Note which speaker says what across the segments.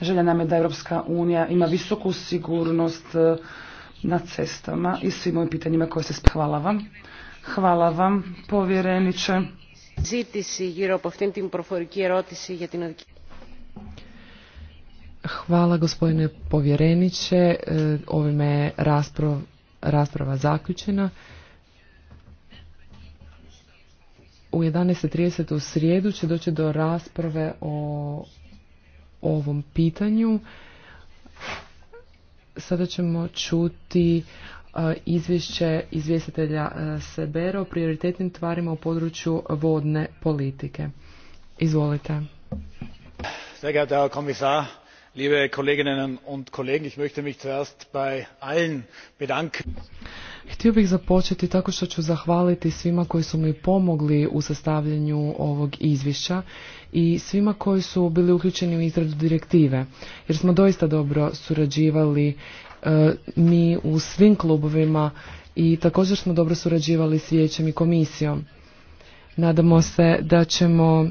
Speaker 1: Želja nam je da Europska unija ima visoku sigurnost e, na cestama i svim ovim pitanjima koje se hvala vam. Hvala vam, povjereniče. Hvala gospodine povjereniče. Ovime je rasprava, rasprava zaključena. U 11.30 u srijedu će doći do rasprave o ovom pitanju. Sada ćemo čuti e, izvješće izvjestitelja e, Sebera o prioritetnim tvarima u području vodne politike. Izvolite.
Speaker 2: Sehr geehrter Herr Kommissar, liebe Kolleginnen und Kollegen, ich möchte mich zuerst bei allen
Speaker 1: bedanken. Htio bih započeti tako što ću zahvaliti svima koji su mi pomogli u sastavljanju ovog izvješća i svima koji su bili uključeni u izradu direktive, jer smo doista dobro surađivali e, mi u svim klubovima i također smo dobro surađivali s vijećem i komisijom. Nadamo se da ćemo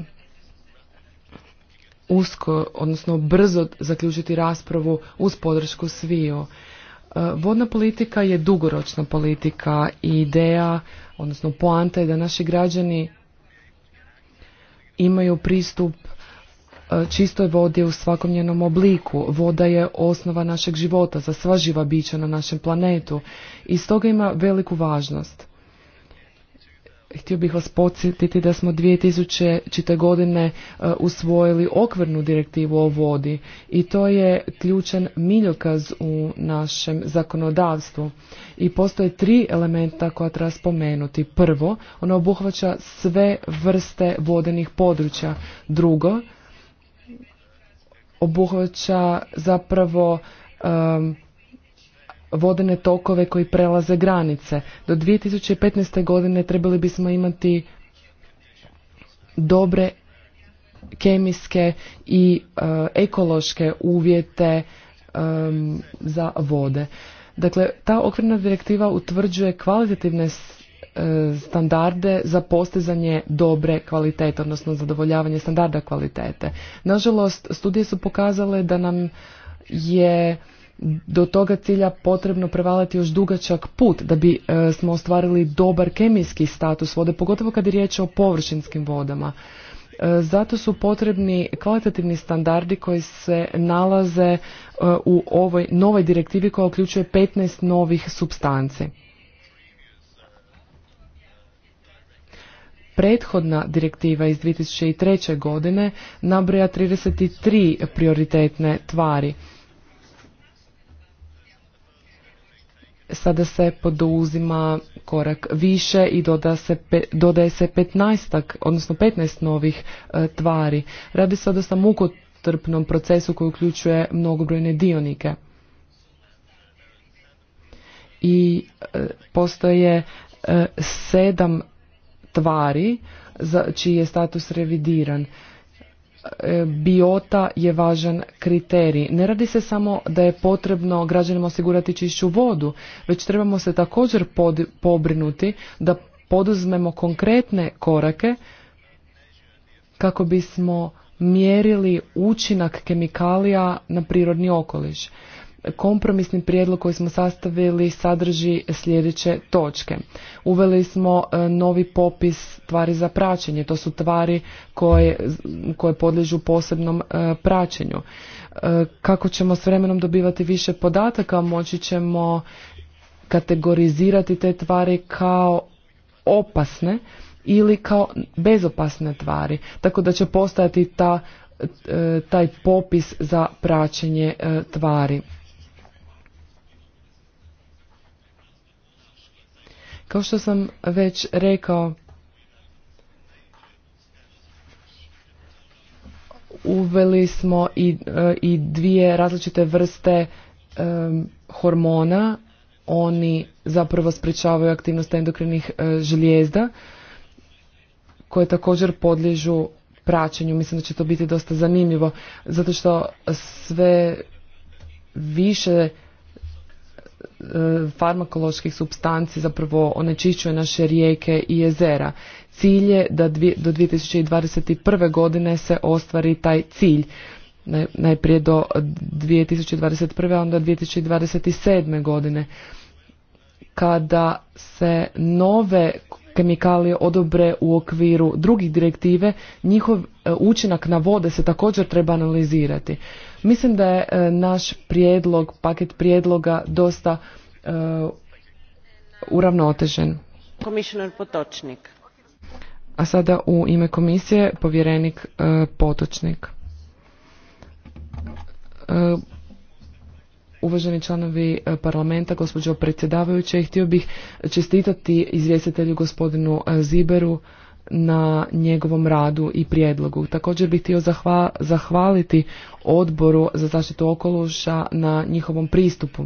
Speaker 1: usko, odnosno brzo zaključiti raspravu uz podršku sviju. E, vodna politika je dugoročna politika i ideja, odnosno poanta je da naši građani imaju pristup e, čistoj vodi u svakom njenom obliku. Voda je osnova našeg života za sva živa bića na našem planetu i stoga ima veliku važnost. Htio bih vas podsjetiti da smo 2000. godine e, usvojili okvirnu direktivu o vodi i to je ključan miljokaz u našem zakonodavstvu. I postoje tri elementa koja treba spomenuti. Prvo, ona obuhvaća sve vrste vodenih područja. Drugo, obuhvaća zapravo vodene tokove koji prelaze granice. Do 2015. godine trebali bismo imati dobre kemijske i e, ekološke uvjete e, za vode. Dakle, ta okvirna direktiva utvrđuje kvalitativne e, standarde za postizanje dobre kvalitete, odnosno zadovoljavanje standarda kvalitete. Nažalost, studije su pokazale da nam je do toga cilja potrebno prevaliti još dugačak put da bi e, smo ostvarili dobar kemijski status vode, pogotovo kad je riječ o površinskim vodama. E, zato su potrebni kvalitativni standardi koji se nalaze e, u ovoj novoj direktivi koja uključuje 15 novih substanci. Prethodna direktiva iz 2003. godine nabroja 33 prioritetne tvari sada se poduzima korak više i dodaje se 15 odnosno 15 novih e, tvari. Radi se o o mukotrpnom procesu koji uključuje mnogobrojne dionike. I e, postoje e, sedam tvari za čiji je status revidiran. E, biota je važan kriterij. Ne radi se samo da je potrebno građanima osigurati čišću vodu, već trebamo se također pobrinuti da poduzmemo konkretne korake kako bismo mjerili učinak kemikalija na prirodni okoliš kompromisni prijedlog koji smo sastavili sadrži sljedeće točke. Uveli smo e, novi popis tvari za praćenje, to su tvari koje, koje podliježu posebnom e, praćenju. E, kako ćemo s vremenom dobivati više podataka, moći ćemo kategorizirati te tvari kao opasne ili kao bezopasne tvari, tako da će postojati ta taj popis za praćenje tvari. Kao što sam već rekao, uveli smo i, e, i dvije različite vrste e, hormona. Oni zapravo sprečavaju aktivnost endokrinih uh, žlijezda koje također podliježu praćenju. Mislim da će to biti dosta zanimljivo zato što sve više Eh, farmakoloških substanci zapravo onečišćuje naše rijeke i jezera. Cilj je da dvije, do 2021. godine se ostvari taj cilj. Najprije do 2021. a onda 2027. godine kada se nove kemikalije odobre u okviru drugih direktive, njihov e, učinak na vode se također treba analizirati. Mislim da je e, naš prijedlog, paket prijedloga dosta e, uravnotežen.
Speaker 2: Komisioner Potočnik.
Speaker 1: A sada u ime komisije povjerenik Potočnik. Uvaženi članovi e, parlamenta, gospođo predsjedavajuće, htio bih čestitati izvjestitelju gospodinu e, Ziberu na njegovom radu i prijedlogu. Također bih htio zahvaliti odboru za zaštitu okološa na njihovom pristupu.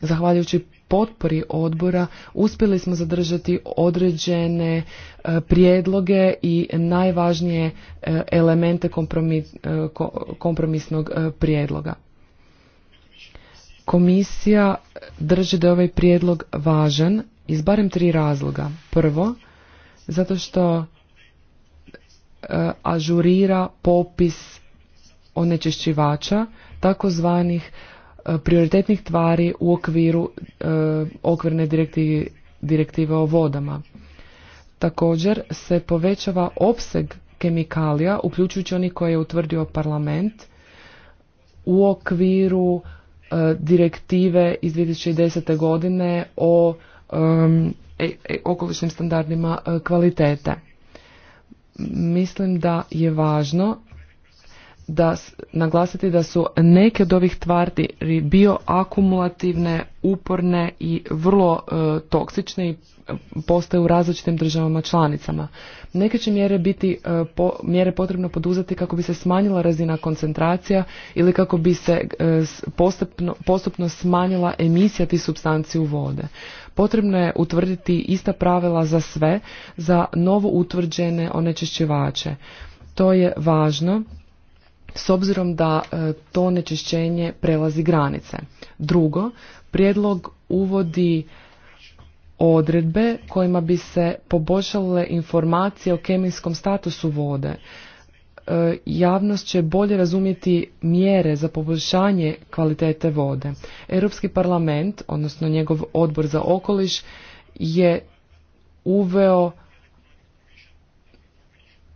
Speaker 1: Zahvaljujući potpori odbora uspjeli smo zadržati određene e, prijedloge i najvažnije elemente kompromisnog prijedloga. Komisija drži da je ovaj prijedlog važan iz barem tri razloga. Prvo, zato što e, ažurira popis onečišćivača takozvanih e, prioritetnih tvari u okviru e, okvirne direktive, direktive o vodama. Također se povećava opseg kemikalija, uključujući oni koje je utvrdio parlament, u okviru E, direktive iz 2010. godine o um, e, okolišnim standardima e, kvalitete. Mislim da je važno da naglasiti da su neke od ovih tvari bioakumulativne, uporne i vrlo e, toksične i e, postaju u različitim državama članicama. Neke će mjere biti e, mjere potrebno poduzeti kako bi se smanjila razina koncentracija ili kako bi se postupno, postupno smanjila emisija tih substanci u vode. Potrebno je utvrditi ista pravila za sve za novo utvrđene onečišćivače. To je važno s obzirom da e, to onečišćenje prelazi granice. Drugo, prijedlog uvodi odredbe kojima bi se poboljšale informacije o kemijskom statusu vode. E, javnost će bolje razumjeti mjere za poboljšanje kvalitete vode. Europski parlament, odnosno njegov odbor za okoliš, je uveo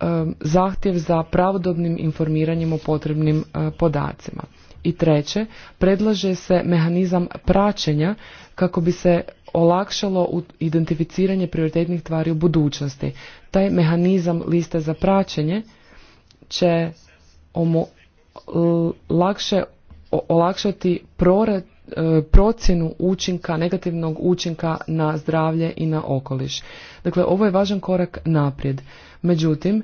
Speaker 1: Um, zahtjev za pravodobnim informiranjem o potrebnim uh, podacima. I treće, predlaže se mehanizam praćenja kako bi se olakšalo identificiranje prioritetnih tvari u budućnosti. Taj mehanizam liste za praćenje će lakše olakšati prorad E, procjenu učinka, negativnog učinka na zdravlje i na okoliš. Dakle, ovo je važan korak naprijed. Međutim,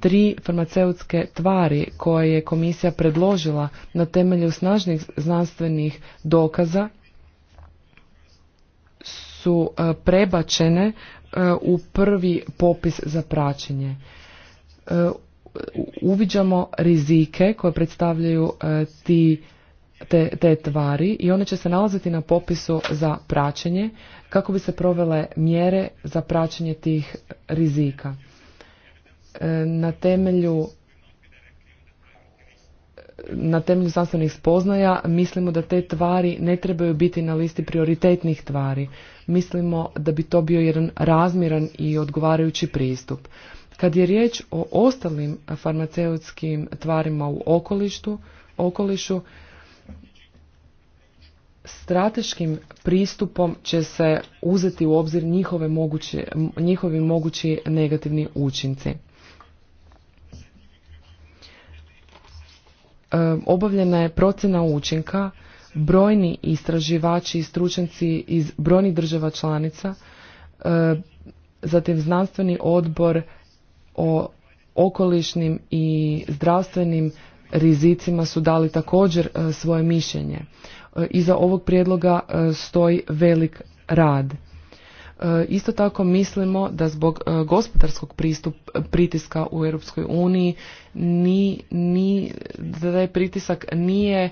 Speaker 1: tri farmaceutske tvari koje je komisija predložila na temelju snažnih znanstvenih dokaza su e, prebačene e, u prvi popis za praćenje. Uviđamo rizike koje predstavljaju ti te, te tvari i one će se nalaziti na popisu za praćenje kako bi se provele mjere za praćenje tih rizika. E, na temelju na temelju znanstvenih spoznaja mislimo da te tvari ne trebaju biti na listi prioritetnih tvari. Mislimo da bi to bio jedan razmjeran i odgovarajući pristup. Kad je riječ o ostalim farmaceutskim tvarima u okolištu, okolišu, strateškim pristupom će se uzeti u obzir njihove mogući, njihovi mogući negativni učinci. E, obavljena je procjena učinka, brojni istraživači i stručnjaci iz brojnih država članica, e, zatim znanstveni odbor o okolišnim i zdravstvenim rizicima su dali također e, svoje mišljenje. E, iza ovog prijedloga e, stoji velik rad. E, isto tako mislimo da zbog gospodarskog pristup, pritiska u Europskoj uniji ni, ni, da taj pritisak nije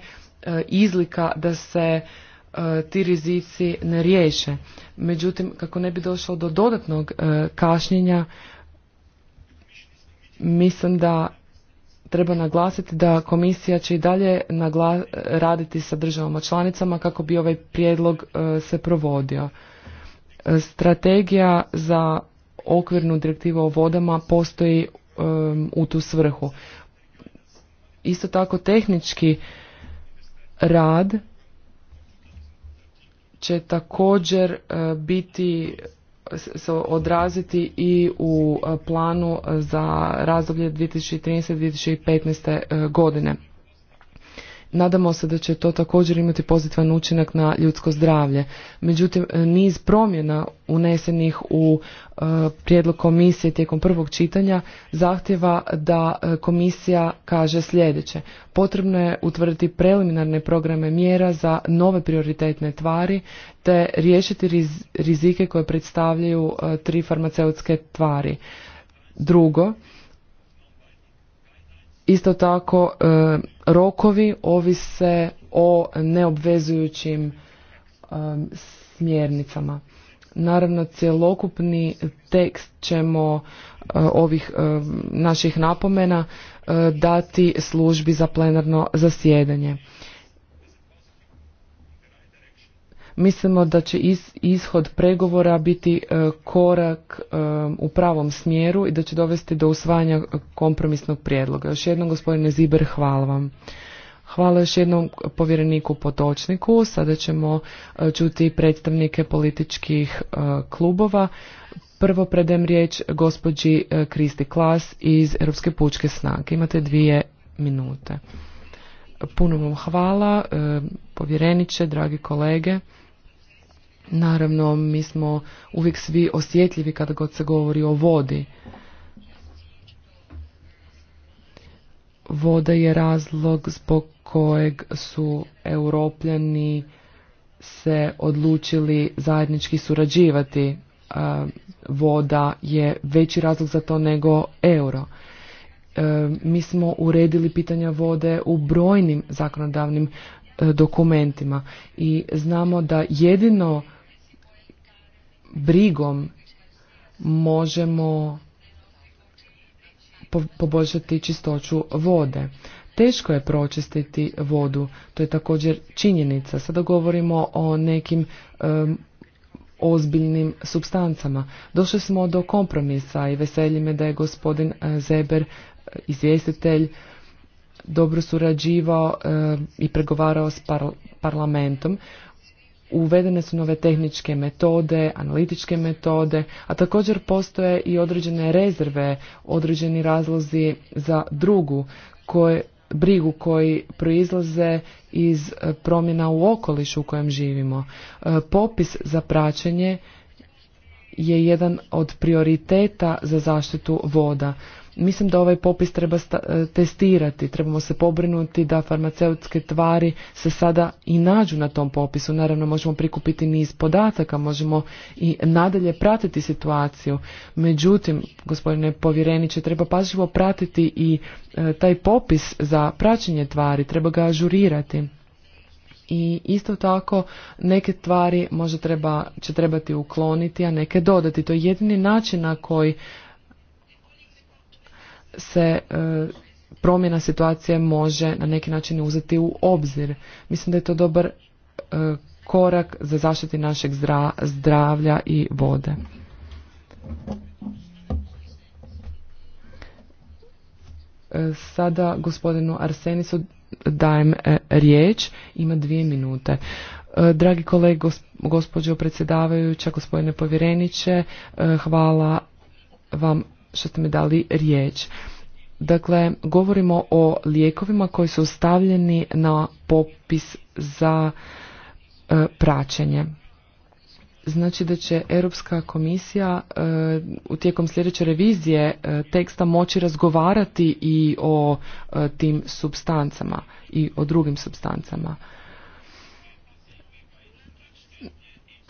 Speaker 1: izlika da se ti rizici ne riješe. Međutim, kako ne bi došlo do dodatnog kašnjenja, mislim da treba naglasiti da komisija će i dalje raditi sa državama članicama kako bi ovaj prijedlog e, se provodio. E, strategija za okvirnu direktivu o vodama postoji e, u tu svrhu. Isto tako tehnički rad će također biti se odraziti i u e, planu za razdoblje 2013-2015. E, godine. Nadamo se da će to također imati pozitivan učinak na ljudsko zdravlje. Međutim, e, niz promjena unesenih u e, prijedlog komisije tijekom prvog čitanja zahtjeva da e, komisija kaže sljedeće. Potrebno je utvrditi preliminarne programe mjera za nove prioritetne tvari te riješiti rizike koje predstavljaju tri farmaceutske tvari. Drugo, Isto tako, e, rokovi ovise o neobvezujućim e, smjernicama. Naravno, cjelokupni tekst ćemo e, ovih naših napomena dati službi za plenarno zasjedanje. Mislimo da će ishod pregovora biti e, korak e, u pravom smjeru i da će dovesti do usvajanja kompromisnog prijedloga. Još jednom, gospodine Ziber, hvala vam. Hvala još jednom povjereniku Potočniku. Sada ćemo e, čuti predstavnike političkih klubova. Prvo predem riječ gospođi Kristi Klas iz Europske pučke snage. Imate dvije minute. Puno vam hvala, povjereniče, dragi kolege. Naravno, mi smo uvijek svi osjetljivi kada god se govori o vodi. Voda je razlog zbog kojeg su europljani se odlučili zajednički surađivati. E, voda je veći razlog za to nego euro. E, mi smo uredili pitanja vode u brojnim zakonodavnim e, dokumentima i znamo da jedino brigom možemo poboljšati čistoću vode. Teško je pročistiti vodu, to je također činjenica. Sada govorimo o nekim ozbiljnim substancama. Došli smo do kompromisa i veselji me da je gospodin e, Zeber, e, izvjestitelj, dobro surađivao e, i pregovarao s parlamentom uvedene su nove tehničke metode, analitičke metode, a također postoje i određene rezerve, određeni razlozi za drugu koje, brigu koji proizlaze iz e, promjena u okolišu u kojem živimo. E, popis za praćenje je jedan od prioriteta za zaštitu voda. Mislim da ovaj popis treba e, testirati, trebamo se pobrinuti da farmaceutske tvari se sada i nađu na tom popisu. Naravno možemo prikupiti niz podataka, možemo i nadalje pratiti situaciju. Međutim, gospodine povjereniče, treba pažljivo pratiti i e, taj popis za praćenje tvari, treba ga ažurirati. I isto tako neke tvari možda treba, će trebati ukloniti, a neke dodati. To je jedini način na koji se e, promjena situacije može na neki način uzeti u obzir. Mislim da je to dobar e, korak za zaštiti našeg zdravlja i vode. E, sada gospodinu Arsenisu dajem riječ, ima dvije minute. Dragi kolege, gospođo predsjedavajuća, gospodine povjereniče, hvala vam što ste mi dali riječ. Dakle, govorimo o lijekovima koji su stavljeni na popis za e, praćenje. Znači da će Europska komisija e, u tijekom sljedeće revizije e, teksta moći razgovarati i o tim substancama i o drugim substancama.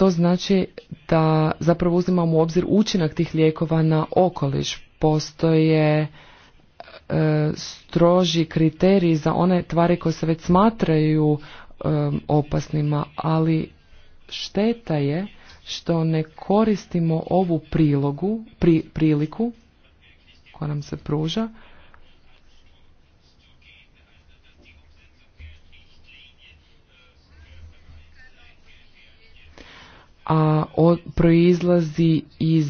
Speaker 1: to znači da zapravo uzimamo u obzir učinak tih lijekova na okoliš. Postoje e, stroži kriteriji za one tvari koje se već smatraju e, opasnima, ali šteta je što ne koristimo ovu prilogu, pri, priliku koja nam se pruža a proizlazi iz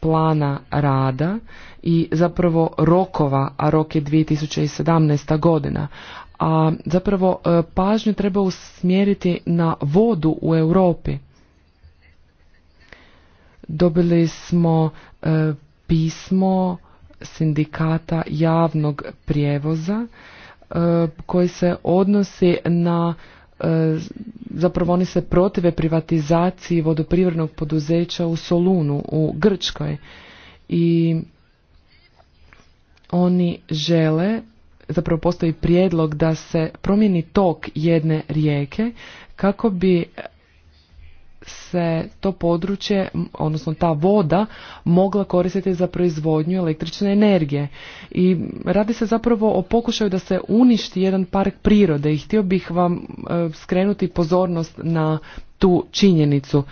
Speaker 1: plana rada i zapravo rokova, a rok je 2017. godina. A zapravo e, pažnju treba usmjeriti na vodu u Europi. Dobili smo e, pismo sindikata javnog prijevoza e, koji se odnosi na E, zapravo oni se protive privatizaciji vodoprivrednog poduzeća u Solunu u Grčkoj i oni žele zapravo postoji prijedlog da se promijeni tok jedne rijeke kako bi se to područje, odnosno ta voda, mogla koristiti za proizvodnju električne energije. I radi se zapravo o pokušaju da se uništi jedan park prirode i htio bih vam e, skrenuti pozornost na tu činjenicu.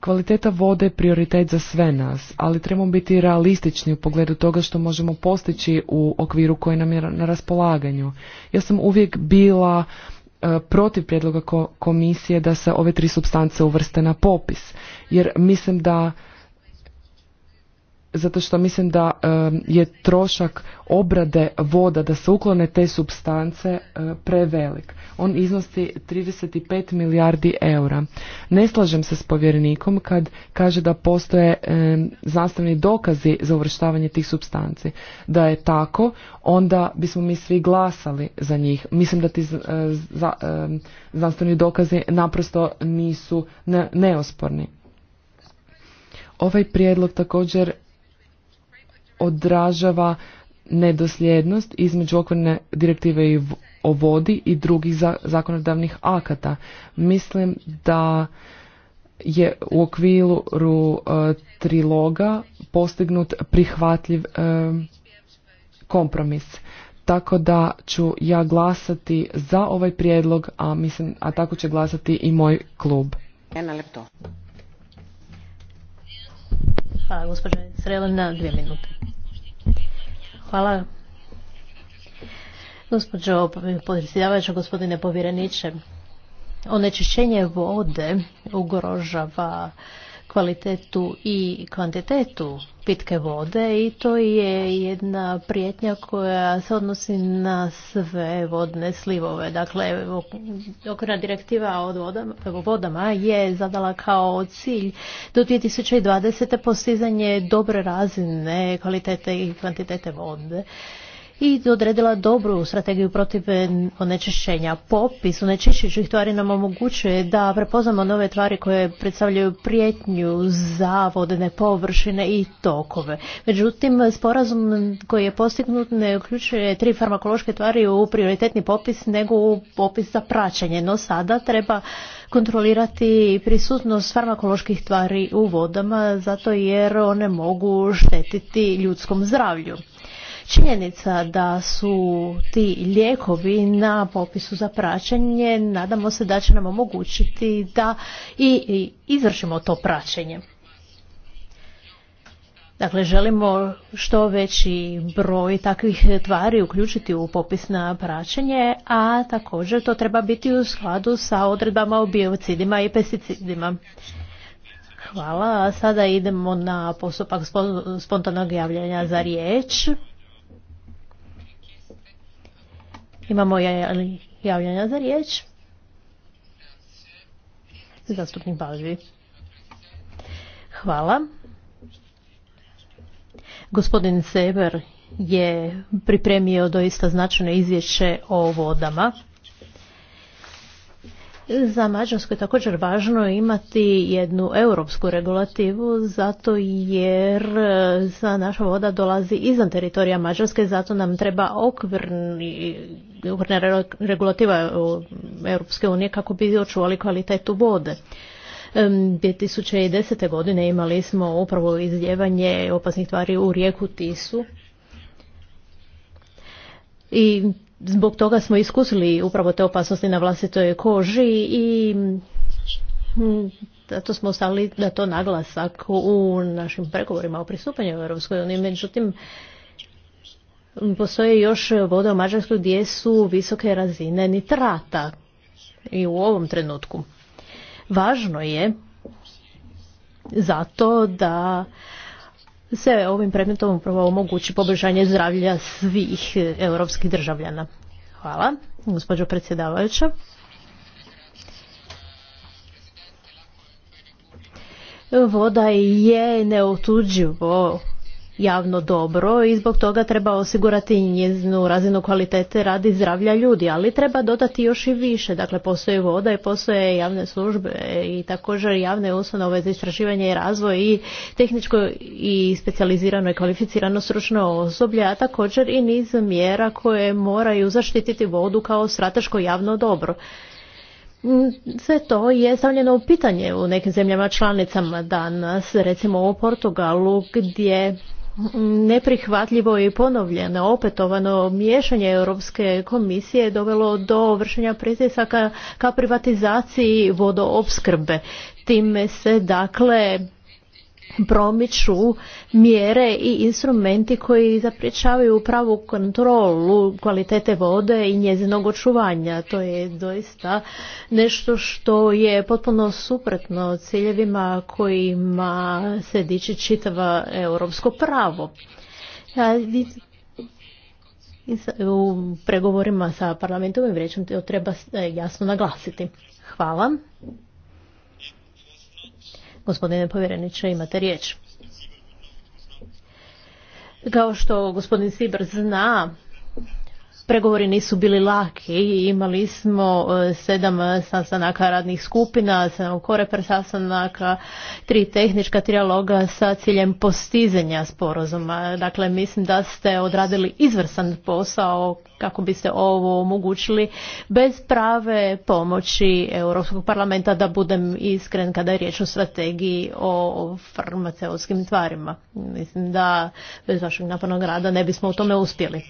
Speaker 1: Kvaliteta vode je prioritet za sve nas, ali trebamo biti realistični u pogledu toga što možemo postići u okviru koji nam je na raspolaganju. Ja sam uvijek bila e, protiv prijedloga komisije da se ove tri substance uvrste na popis, jer mislim da zato što mislim da e, je trošak obrade voda da se uklone te substance e, prevelik. On iznosi 35 milijardi eura. Ne slažem se s povjerenikom kad kaže da postoje e, znanstveni dokazi za uvrštavanje tih substanci. Da je tako, onda bismo mi svi glasali za njih. Mislim da ti znanstveni dokazi naprosto nisu neosporni. Ovaj prijedlog također odražava nedosljednost između okvirne direktive i o vodi i drugih zakonodavnih akata. Mislim da je u okviru e, triloga postignut prihvatljiv e, kompromis. Tako da ću ja glasati za ovaj prijedlog, a mislim, a tako će glasati i moj klub.
Speaker 2: Hvala, gospođa Srelina, dvije minute. Hvala. Gospođo podresljavajuća, gospodine povjereniče, onečišćenje vode ugrožava kvalitetu i kvantitetu pitke vode i to je jedna prijetnja koja se odnosi na sve vodne slivove. Dakle, okvirna direktiva o vodama, vodama je zadala kao cilj do 2020. postizanje dobre razine kvalitete i kvantitete vode i odredila dobru strategiju protiv eh, onečišćenja. Popis onečišćujućih tvari nam omogućuje da prepoznamo nove tvari koje predstavljaju prijetnju za vodene površine i tokove. Međutim, sporazum koji je postignut ne uključuje tri farmakološke tvari u prioritetni popis nego u popis za praćenje. No sada treba kontrolirati prisutnost farmakoloških tvari u vodama zato jer one mogu štetiti ljudskom zdravlju. Činjenica da su ti lijekovi na popisu za praćenje, nadamo se da će nam omogućiti da i izvršimo to praćenje. Dakle, želimo što veći broj takvih tvari uključiti u popis na praćenje, a također to treba biti u skladu sa odredbama o biocidima i pesticidima. Hvala. Sada idemo na postupak spontanog javljanja za riječ. Imamo javljanja za riječ. Zastupnik Balvi. Hvala. Gospodin Sever je pripremio doista značajno izvješće o vodama. Za Mađarsku je također važno imati jednu europsku regulativu zato jer za naša voda dolazi izvan teritorija Mađarske zato nam treba okvirni regulativa e, Europske unije kako bi očuvali kvalitetu vode. 2010. godine imali smo upravo izljevanje opasnih tvari u rijeku Tisu i zbog toga smo iskusili upravo te opasnosti na vlastitoj koži i zato smo ostali da to naglasak u našim pregovorima o pristupanju u Europskoj uniji. Međutim, postoje još vode u Mađarskoj gdje su visoke razine nitrata i u ovom trenutku. Važno je zato da se ovim predmetom upravo omogući poboljšanje zdravlja svih europskih državljana. Hvala, gospođo predsjedavajuća. Voda je neotuđivo javno dobro i zbog toga treba osigurati njezinu razinu kvalitete radi zdravlja ljudi, ali treba dodati još i više. Dakle, postoje voda i postoje javne službe i također javne ustanove za istraživanje i razvoj i tehničko i specijalizirano i kvalificirano stručno osoblje, a također i niz mjera koje moraju zaštititi vodu kao strateško javno dobro. Sve to je stavljeno u pitanje u nekim zemljama članicama danas, recimo u Portugalu gdje Neprihvatljivo i ponovljeno, opetovano miješanje Europske komisije dovelo do vršenja pritisaka ka privatizaciji vodoopskrbe. Time se dakle promiču mjere i instrumenti koji zapriječavaju pravu kontrolu kvalitete vode i njezinog očuvanja. To je doista nešto što je potpuno suprotno ciljevima kojima se diče čitava europsko pravo. U pregovorima sa parlamentom i vrećom to treba jasno naglasiti. Hvala. Gospodine povjereniče, imate riječ. Kao što gospodin sibr zna, Pregovori nisu bili laki, imali smo e, sedam e, sastanaka radnih skupina, sedam koreper sastanaka, tri tehnička trijaloga sa ciljem postizanja sporazuma. Dakle, mislim da ste odradili izvrsan posao kako biste ovo omogućili bez prave pomoći Europskog parlamenta, da budem iskren kada je riječ o strategiji o farmaceutskim tvarima. Mislim da bez vašeg napornog rada ne bismo u tome uspjeli.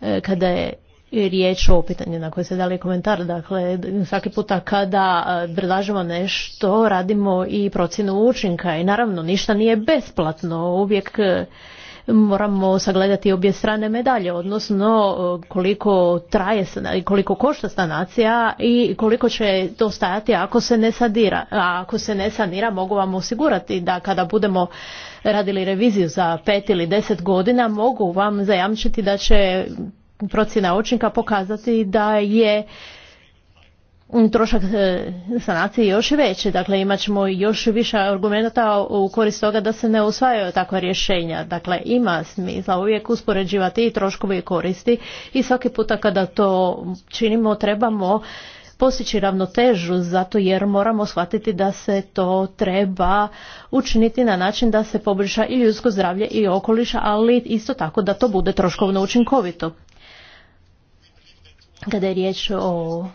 Speaker 2: E, kada je riječ o pitanju na koje se dali komentar. Dakle, svaki puta kada e, predlažemo nešto, radimo i procjenu učinka i naravno ništa nije besplatno. Uvijek e, moramo sagledati obje strane medalje, odnosno koliko traje i koliko košta stanacija i koliko će to stajati ako se ne sadira. A ako se ne sanira mogu vam osigurati da kada budemo radili reviziju za pet ili deset godina, mogu vam zajamčiti da će procjena učinka pokazati da je trošak e, sanacije još veći. Dakle, imat ćemo još više argumenta u korist toga da se ne usvajaju takva rješenja. Dakle, ima smisla uvijek uspoređivati i troškove i koristi i svaki puta kada to činimo trebamo postići ravnotežu zato jer moramo shvatiti da se to treba učiniti na način da se poboljša i ljudsko zdravlje i okoliš, ali isto tako da to bude troškovno učinkovito. Kada je riječ o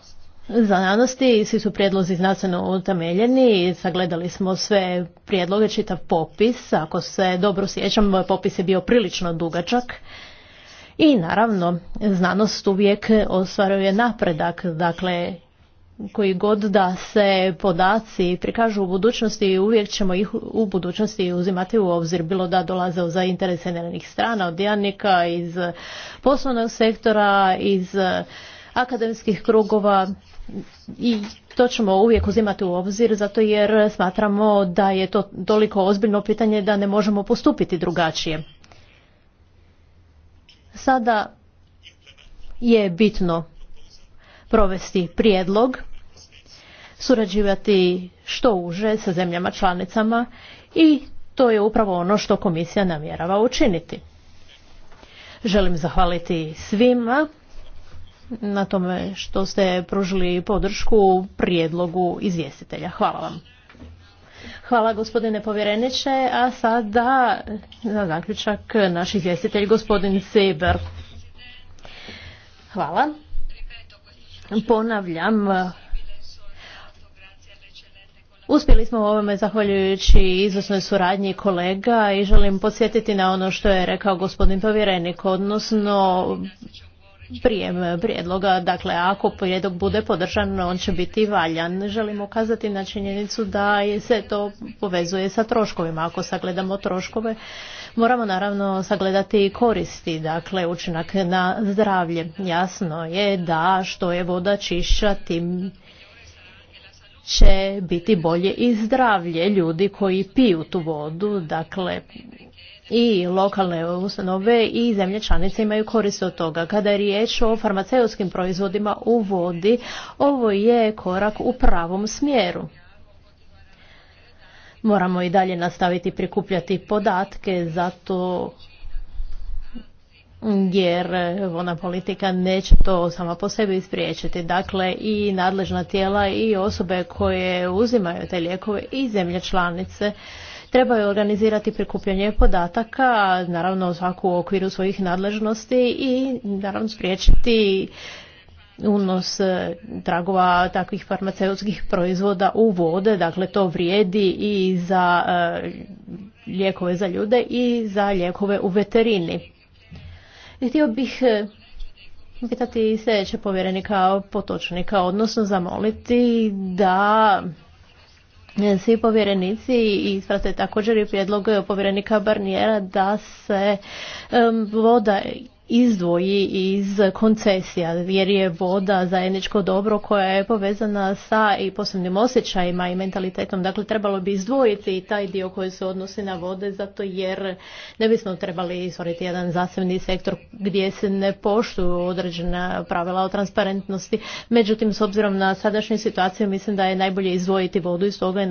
Speaker 2: znanosti, svi su prijedlozi znanstveno utemeljeni, sagledali smo sve prijedloge, čitav popis, ako se dobro sjećam, popis je bio prilično dugačak. I naravno, znanost uvijek ostvaruje napredak, dakle koji god da se podaci prikažu u budućnosti uvijek ćemo ih u budućnosti uzimati u obzir bilo da dolaze za zainteresiranih strana od dionika iz poslovnog sektora iz eh, akademskih krugova i to ćemo uvijek uzimati u obzir zato jer smatramo da je to toliko ozbiljno pitanje da ne možemo postupiti drugačije. Sada je bitno provesti prijedlog surađivati što uže sa zemljama članicama i to je upravo ono što komisija namjerava učiniti. Želim zahvaliti svima na tome što ste pružili podršku prijedlogu izvjestitelja. Hvala vam. Hvala gospodine povjereniče, a sada na zaključak naš izvjestitelj gospodin Seber. Hvala. Ponavljam, Uspjeli smo u ovome zahvaljujući izvrsnoj suradnji kolega i želim podsjetiti na ono što je rekao gospodin povjerenik, odnosno prijem prijedloga. Dakle, ako prijedlog bude podržan, on će biti valjan. Želim ukazati na činjenicu da se to povezuje sa troškovima. Ako sagledamo troškove, moramo naravno sagledati i koristi, dakle učinak na zdravlje. Jasno je da što je voda čišća, tim će biti bolje i zdravlje ljudi koji piju tu vodu, dakle i lokalne ustanove i zemlje članice imaju korist od toga. Kada je riječ o farmaceutskim proizvodima u vodi, ovo je korak u pravom smjeru. Moramo i dalje nastaviti prikupljati podatke, zato jer ona politika neće to sama po sebi ispriječiti. Dakle, i nadležna tijela i osobe koje uzimaju te lijekove i zemlje članice trebaju organizirati prikupljanje podataka, naravno svaku u okviru svojih nadležnosti i naravno spriječiti unos e, tragova takvih farmaceutskih proizvoda u vode, dakle to vrijedi i za e, lijekove za ljude i za lijekove u veterini. Htio bih e, pitati sljedeće povjerenika potočnika, odnosno zamoliti da e, svi povjerenici i također i prijedlog povjerenika Barniera da se e, voda izdvoji iz koncesija jer je voda zajedničko dobro koja je povezana sa i posebnim osjećajima i mentalitetom. Dakle, trebalo bi izdvojiti i taj dio koji se odnosi na vode zato jer ne bismo trebali stvoriti jedan zasebni sektor gdje se ne poštuju određena pravila o transparentnosti. Međutim, s obzirom na sadašnju situaciju mislim da je najbolje izdvojiti vodu iz toga i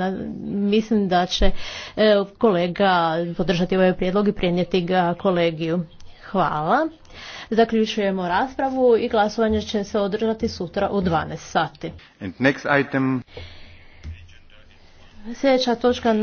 Speaker 2: mislim da će e, kolega podržati ovaj prijedlog i prenijeti ga kolegiju. Hvala. Zaključujemo raspravu i glasovanje će se održati sutra u 12 sati. točka